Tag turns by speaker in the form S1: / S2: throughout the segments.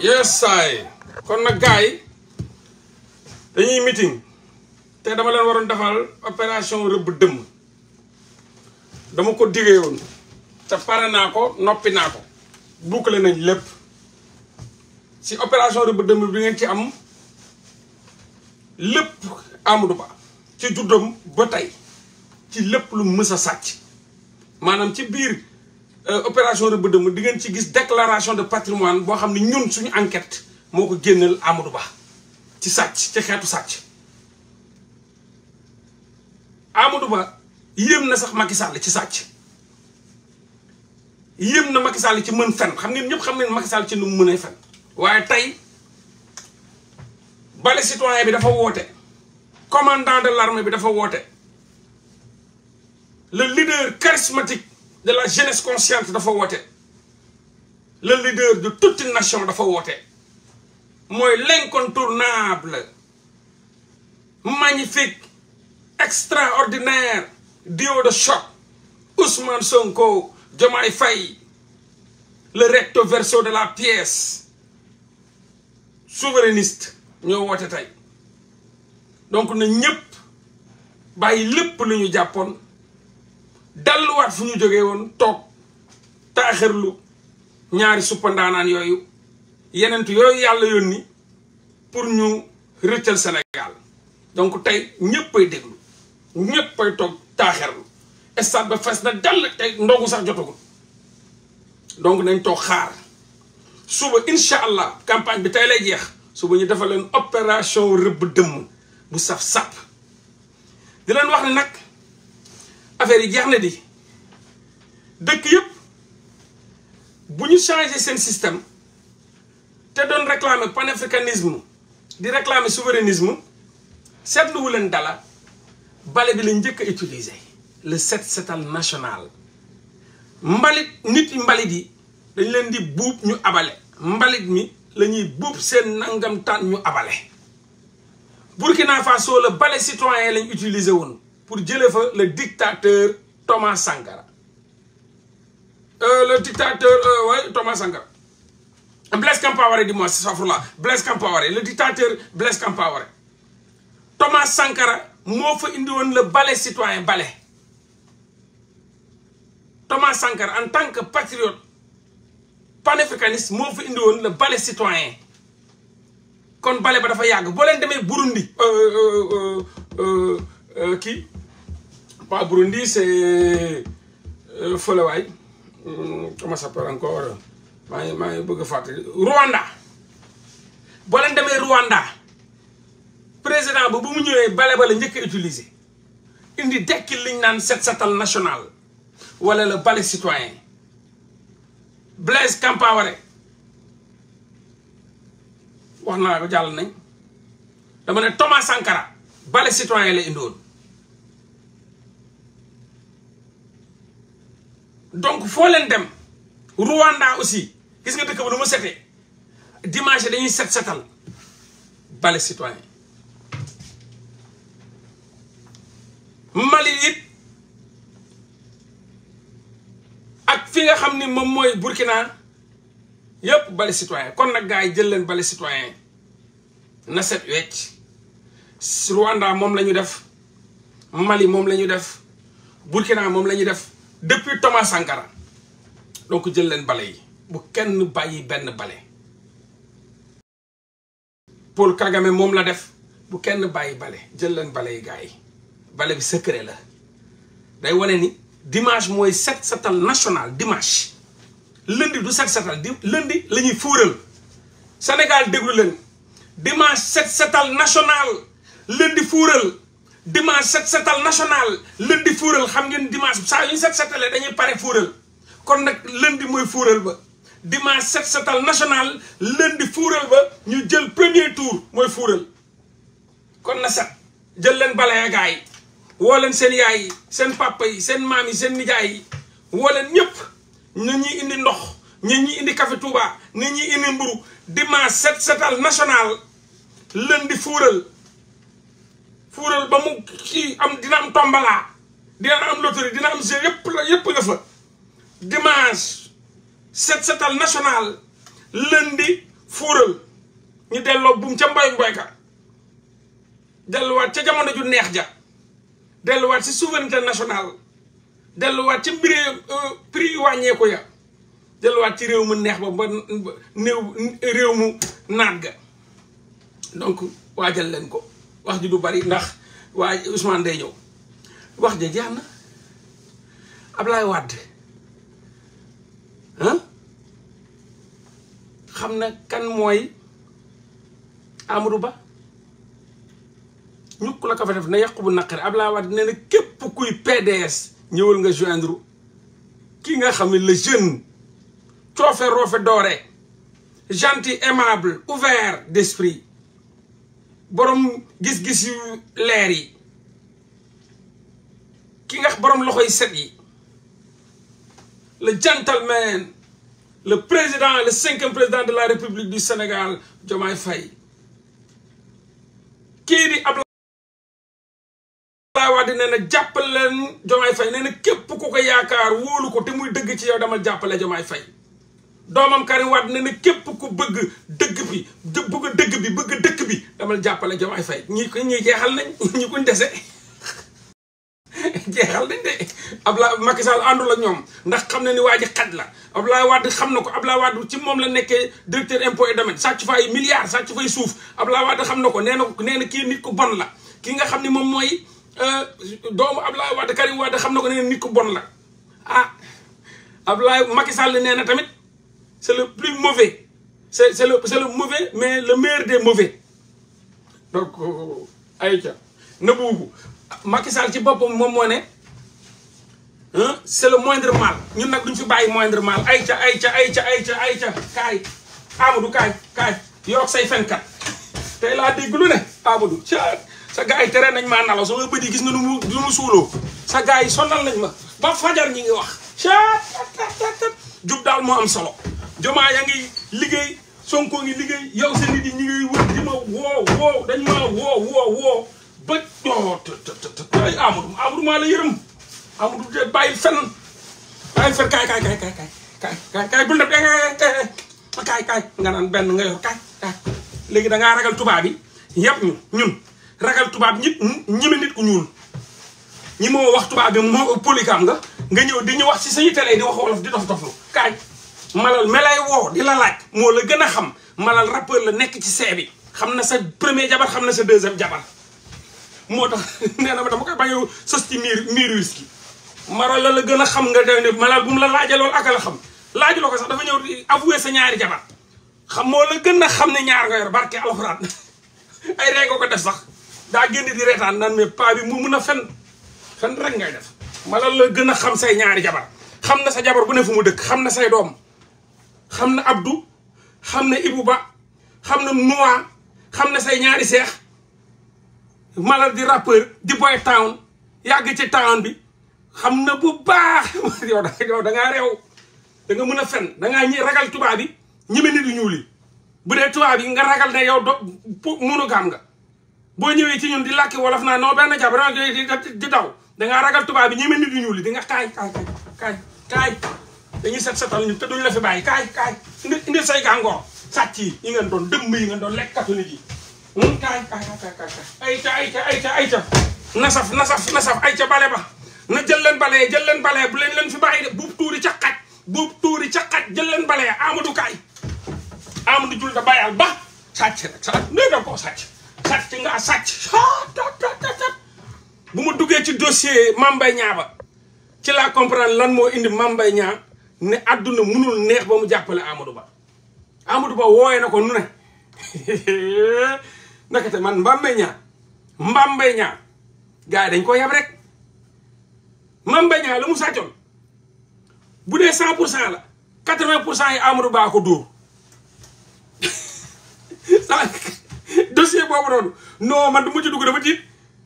S1: yes saay kon nag gars dañuy meeting te dama leen waroon defal opération rëbb dëmm dama ko digee woon te pare naa ko noppi naa ko bouclé nañ lépp si opération rëbb dëmm bi ngeen ci am lépp Amadou Ba ci juddam ba tey ci lépp lu mus a sàcc maanaam ci biir Euh, opération rëbb dëmm di ngeen ci gis déclaration de patrimoine boo xam ne ñun suñu enquête moo ko génnal Amadou Ba ci sàcc ci xeetu sàcc Amadou Ba yéem na sax Macky Sall ci sàcc yéem na Macky Sall ci mën fen xam ngeen ñëpp xam ngeen Macky Sall ci nu mu mënee fen waaye tey bale citoyen bi dafa woote commandant de l'armée bi dafa woote le lider charismatique de la jeunesse consciente dafa woote le leader de toute nation dafa woote mooy l'incontournable magnifique extraordinaire duo de choc Ousmane Sonko Diomaye fay le recto verso de la pièce souverainiste ñoo woote tey donc na ñëpp bàyyi lépp lu ñu jàppoon delluwaat fu ñu jógee woon toog taaxirlu ñaari suppandaanaan yooyu yenent yooyu yàlla yónni pour ñu rëccal Sénégal donc tey ñëppay déglu ñëppay toog taaxirlu stade ba fees na dell tey ndogu sax jotagul donc nañ toog xaar suba incha allah campagne bi tey lay jeex suba ñu defal leen opération rëbb dëmm bu saf-sap di leen wax ne nag affaire yi jeex na di dëkk yëpp bu ñu changé seen système te doon réclamer panafricanisme di réclamer souverainisme seetluwu leen dala bale bi lañ njëkk a utiliser le set setal national mbalit nit yi mbalit yi dañ leen di buub ñu abale mbalit mi la ñuy buub seen nangam ñu abale Burkina Faso la bale citoyen lañ utiliser woon pour jëlee fa le dictateur Thomas Sankara euh, le dictateur waaye euh, Thomas Sankara Blaise Compaoré dis-moi safrula Blaise Compaoré le dictateur Blaise Compaoré Thomas Sankara moo fa indi woon le citoyen balai Thomas Sankara en tant que patriote panafricaniste moo fa indi woon le citoyen kon bale ba dafa yàgg boo leen demee Burundi euh, kii pas Burundi c'est euh, fëlewaay hmm, comment ça s'appelle encore maa ngi maa ngi bëgg a fàttali Rwanda boo leen demee Rwanda président bu bu mu ñëwee bale bale njëkk a indi dekki liñ naan set setal national wala le balai citoyen Blaise Compaoré wax naa ko jàll nañ dama ne Thomas Sankara balai citoyen la indoon donc foo leen dem Rwanda aussi gis nga dëkk ba nu mu setee dimanche dañuy set setal bale citoyen Mali it ak fi nga xam ni moom mooy Burkina yépp bale citoyen kon nag gaa yi jël leen bale citoyen na set wecc Rwanda moom la ñu def Mali moom la ñu def Burkina moom la ñu def depuis Thomas Sankara donc jël leen bale yi bu kenn bàyyi benn bale Paul Kagame moom la def bu kenn bàyyi bale jël leen bale yi gars yi bale bi secret la day wane ni dimanche mooy set setal national dimanche lundi du set setal di lundi la ñuy fuural Sénégal déglu leen dimanche set setal national lundi fuural dimanche set setal national di fuural xam ngeen dimanche saa yu ñu set setalee dañuy pare fuural kon nag lundi mooy fuural ba dimanche set setal national lundi fuural ba ñu jël premier tour mooy fuural kon na set jël leen balaya gaa yi woo leen seen yaay yi seen papa yi seen maam yi seen nijaay yi woo leen ñëpp ñu ñuy indi ndox ñu ñuy indi café Touba ñu ñuy indi mburu dimanche set setal national lundi fuural fuural ba mu kii am dina am tombalaa dina am loterie dina am jeu yëpp la yëpp nga fa dimanche set setal national lundi fuural ñu delloo buum ca mboy mboyka delluwaat ca jamono ju neex ja delluwaat ci souveraineté nationale delluwaat ci mbiri euh, prix wàññeeku ya delluwaat ci réew mu neex ba ba néew réew mu naat ga donc waa waajal leen ko wax ji du bari ndax waaye Ousmane day ñëw wax ja jeex na Ablaye Wade ah xam na kan mooy Amadou Ba ñu la ko fa def na yàqu bu naqari Ablaye Wade nee na képp kuy PDS ñëwal nga joindre ki nga xam ne le jeune coofe roofe doore gentil aimable ouvert d'esprit borom gis-gis yu leer yi ki nga borom loxo yi set yi le gentleman le président le cinquième président de la république du Sénégal Diomaye fay kii di Abdoulaye Wade nee na jàppale leen Diomaye fay nee na képp ku ko yaakaar wóolu ko te muy dëgg ci yow dama jàppale Diomaye fay doomam Karim Wade ne na képp ku bëgg dëgg bi bëgg dëgg bi bëgg dëkk bi damal jàppale Diomaye Faye ñi ñi jeexal nañ ñi kuñ dese jeexal nañ de Abdoulaye Macky Sall àndul ak ñoom ndax xam na ni waaj ji xaj la Abdoulaye Wade xam na ko Abdoulaye Wade ci moom la nekkee directeur impôt et domaine sàcc fay milliards sàcc fay suuf Abdoulaye xam na ko nee na nee na kii nit ko bon la ki nga xam ni moom mooy euh, doomu Abdoulaye Wade Karim Wade xam na ko nee na nit ku bon la ah Abdoulaye Macky Sall nee na tamit c'est le plus mauvais c'est c'est le c'est le mauvais mais le meilleur de mauvais donc ayca na buubu ci boppam moom moo ne c'est le moindre mal ñun nag duñ fi bàyyi moindre mal ayca ayca ayca ayca ayca kaay Amadou kaay kaay yoroog say fenkat tey laa dégg lu ne Amadou ca sa gars yi tere nañ maa nalaw sama bët yi gis nga nu mu nu mu suuloo sa gars yi sonal nañ ma ba fajar ñi ngi wax ca jub daal moo am solo jomaa yaa ngi liggéey Sonko ngi liggéey yow sa nit ñu ngi wër di ma woo woo dañ ma woo woo woo ba maa la yërëm Amadou de bàyyi fenn bàyyi fenn kaay kaay kaay kaay kaay kaay kaay bul def kaay eh, eh, eh, kaay kaay nga naan benn nga yor kaay kaay léegi da ngaa ragal tubaab yi yëpp ñu ñun ragal tubaab ñi ñeme nit ku ñuul ñi wax tubaab bi moo polygame nga nga ñëw di ñu wax si sañu télé di wax wolof malal melay woo di la laaj moo la gën a xam malal rappeur la nekk ci see bi xam na sa premier jabar xam na sa deuxième jabar moo tax nee na ma dama koy bañow sos ci miir miir wis la la gën a xam nga de ne malal mu la laajee loolu ak la xam ko sax dafa ñëw di avouer sa ñaari jabar xam moo la gën a xam ne ñaar nga yor barke alxuraan ay ko def sax daa génn di reetaan naan bi mu mun a fen fen rek ngay def malal la gën a xam say ñaari jabar xam na sa jabar bu ne fu mu dëkk xam na say doom xam na Abdou xam na Ibou Ba xam na Noa xam na say ñaari seex malal di rappeur di boy town yàgg ci town bi xam na bu baax yow da yow da ngaa réew da nga a fen da ngaa ragal tubaab yi ñeme nit du ñuul yi bu dee tubaab yi nga ragal ne yow do monogame nga boo ñëwee ci ñun di làkki wolof naa non benn jabar di daw da ngaa ragal tubaab yi ñeme nit du ñuul yi di nga kaay kaay kaay dañuy set setal ñu te duñ la fi bàyyi kaay kaay indi indi say gàngoor sàcc yi yi ngeen doon dëmm yi ngeen doon lekk catholique yi. Hmm, kaay kaay kaay kaay ayca ayca ayca ayca nasaf nasaf nasaf ayca bale ba na jël leen bale jël bale bu leen fi bàyyi de buub tuuri ca xaj buub tuuri ca xaj jël leen bale Amadou kaay ba sàcc rek sàcc nee da koo sàcc sàcc ma duggee ci dossier Mame Mbaye ba ci laa comprendre lan moo indi Mame Mbaye Niang ne àdduna munul neex ba mu jàppale Amadou Ba Amadou Ba wooye na ko nu ne nakate man mbambay ñaa mbambay ñaa gars yi dañ ko yab rek mbambay ñaa la mu sàccoon bu dee cent pour cent la quatre vingt pour cent yi Amadou Ba ko dóor dossier boobu noonu non man du ma ci dugg dama tiit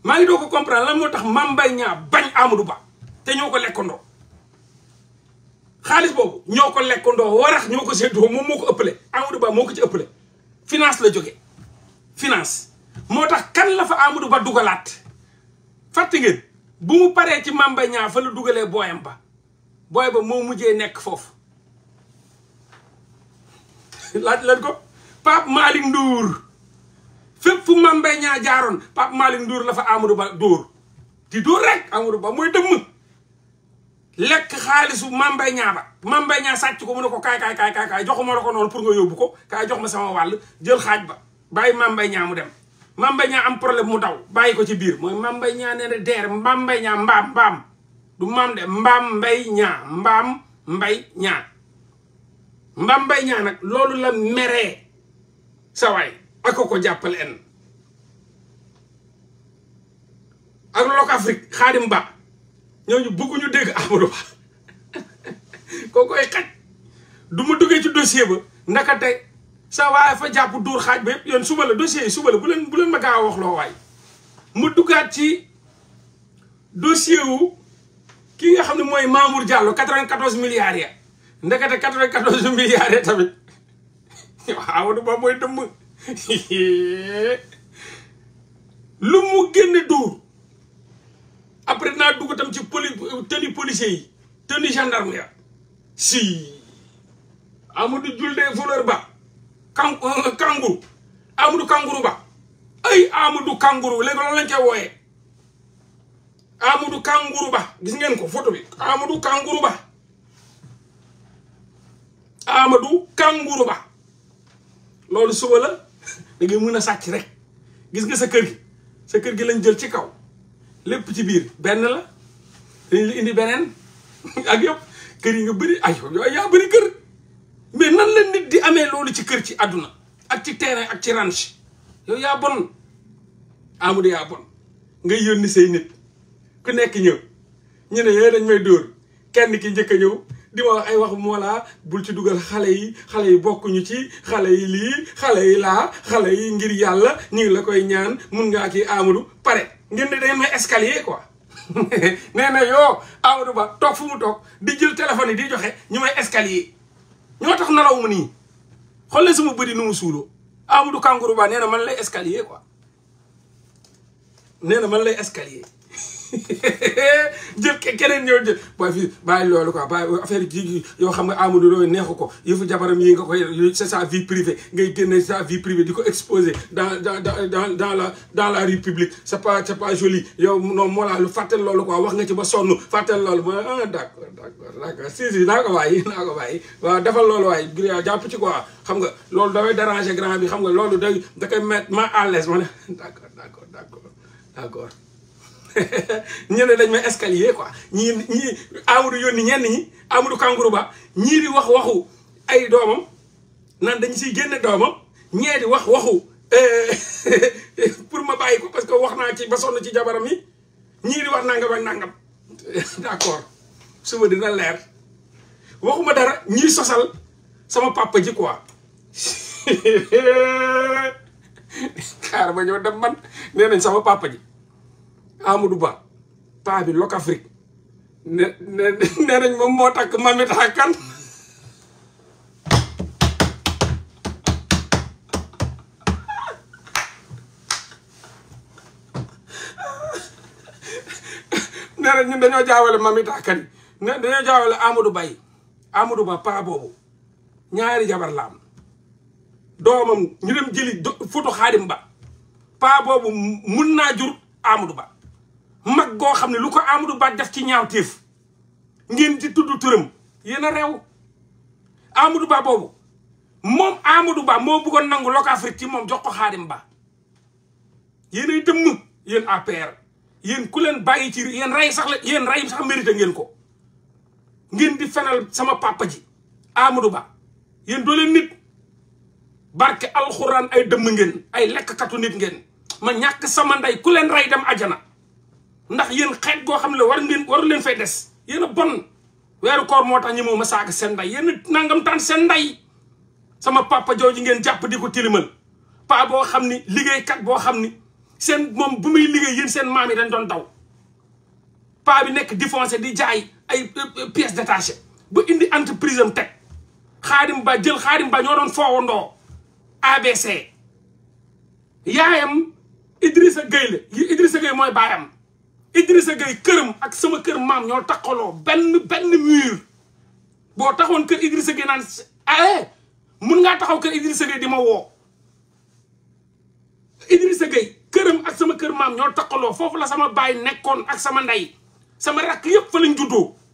S1: maa ngi doo ko comprendre lan moo tax mbambay ñaa bañ Amadou Ba te ñoo ko lekkandoo xaalis boobu ñoo ko lekkandoo warax ñoo ko séddoo moom moo ko ëppale Amadou Ba moo ko ci ëppale finance la jóge finance moo tax kan lafa fa Ba dugalaat fàtte ngeen bu mu paree ci Mamba ñaa fa la dugalee booyam ba booy ba moo mujjee nekk foofu laaj leen ko Pape Malick Ndour fépp fu Mamba ñaa jaaroon Pape Malick Ndour lafa fa Ba dóor di dóor rek Amadou Ba mooy dëmm lekk xaalisu mambay ñaa ba mambay ñaa sàcc ko mu ne ko kaay kaay kaay kaay joxuma la ko noonu pour nga yóbbu ko kaay jox ma sama wàll jël xaaj ba bàyyi mambay ñaa mu dem mambay problème mu daw bàyyi ko ci biir mooy mambay ñaa nee na maam de mbay ñaa mbaam mbay ñaa mbaam mbay ñaa nag loolu la meree sa ak ko jàppale en ak Locafrique xaadim ba ñooñu bëgguñu dégg Amadou Ba koo koy xaj du ma duggee ci dossier ba naka te sa waaye fa jàpp dóor xaaj ba yoon suba la dossier yi suba la bu leen bu leen ma gaaw wax loo waay ma duggaat ci dossier wu ki nga xam ne mooy Mamour Diallo 94 milliards ya ndekete 94 milliards ya tamit Amadou Ba mooy dëmm lu mu génne dóor après naa dugg tam ci poli tenue policier yi tenue gendarme ya si Amadou Julde voleur ba kan euh, kanguru Amadou kanguru ba ay Amadou kanguru kanguru ba gis ngeen ko foto bi Amadou kanguru ba Amadou kanguru ba loolu suba la da ngay mën a sàcc rek gis nga sa kër gi sa kër gi lañ jël ci kaw lépp ci biir benn la dañ la indi beneen ak yëpp kër yi nga bëri ay yow yaa bëri kër mais nan la nit di amee loolu ci kër ci àdduna ak ci terrain ak ci ranch yow yaa bon Amadou yaa bon ngay yónni say nit ku nekk ñëw ñu ne yooyu dañ may dóor kenn ki njëkk a ñëw di wax ay wax moolaa bul ci dugal xale yi xale yi bokkuñu ci xale yi lii xale yi laa xale yi ngir yàlla ñu la koy ñaan mun ngaa kii Amadou pare ngeen ne da ngeen may escalier quoi nee na yoo Amadou Ba toog fu mu toog di jël téléphone yi di joxe ñu may escalier ñoo tax naraw mu nii xool suma sama bëri nu mu suuloo Amadou Kangourou Ba nee na man lay escalier quoi nee na man lay escalier. jël keneen ñëw jël booy fi bàyyi loolu quoi affaire jii yoo xam nga Amadou Lo neexu ko yëfu jabaram yi nga koy c'est sa vie privée ngay génne sa vie privée di ko exposer dans dans dans dans la dans la rue publique c'est pas c'est pas joli yow non moo laa lu fàttal loolu quoi wax nga ci ba sonn fàttal loolu mooy ah d'accord d'accord d'accord si si naa ko bàyyi naa ko bàyyi waaw defal loolu waaye ah, jàpp ko quoi xam nga loolu dafay déranger grand bi xam nga loolu day da koy mettre ma à l'aise ma ne d'accord d'accord ñu dañ may escalier quoi ñii ñii Amadou yónni ñi Amadou Kangourou Ba ñii di wax waxu ay doomam naan dañ siy génne doomam ñee di wax waxu euh, pour ma bàyyi ko parce que wax naa ci ba sonn ci jabaram yi ñii di wax nangam ak nangam d'accord suba dina leer waxuma dara ñii sosal sama papa ji quoi xaar ma ñëw dem man nee nañ sama papa ji. Amadou Ba paa bi Locafrique ne ne nee nañ moo takk Mamita Kane ne nañ ñun dañoo jaawale Mamita Kane ne dañoo jaawale Amadou Ba yi Amadou Ba paa boobu ñaari jabar la doomam ñu dem jëli photo Xaadim Ba paa boobu mun naa jur Amadou Ba mag goo xam ne lu ko Amadou Ba def ci ñaaw téef ngeen di tudd turam yéen a réew Amadou Ba boobu moom Amadou Ba moo bëggoon nangu Locafrique ci moom jox ko Xaadim Ba yéenay dëmm yéen APR yéen ku leen bàyyi ci yéen rey sax la yéen rey sax mérité ngeen ko ngeen di fenal sama papa ji Amadou Ba yéen doo nit barke alxuraan ay dëmm ngeen ay lekkkatu nit ngeen ma ñàkk sama ndey ku leen rey dem ajana ndax yéen xeet goo xam ne war ngeen waru leen fay des yéen bon weeru koor moo tax ñi moo ma saaga seen nday yéen nangam taan seen nday sama papa jooju ngeen jàpp di ko tilimal pa boo xam ni liggéeykat boo xam ni seen moom bu muy liggéey yéen seen maam yi dañ doon daw pa bi nekk défoncé di jaay ay de euh, euh, détachées ba indi entreprise am teg xaadim ba jël xaadim ba ñoo doon foowandoo ABC yaayam Idrissa Gueye la Idrissa Gueye mooy baayam Idrissa Gueye këram ak sama kër maam ñoo takkaloo benn benn mur boo taxoon kër Idrissa Gueye naan ae eh, mun ngaa taxaw kër Idrissa Gueye di ma woo Idrissa këram ak sama kër maam ñoo takkaloo foofu la sama baay nekkoon ak sama ndey sama rakk yëpp fa lañ juddoo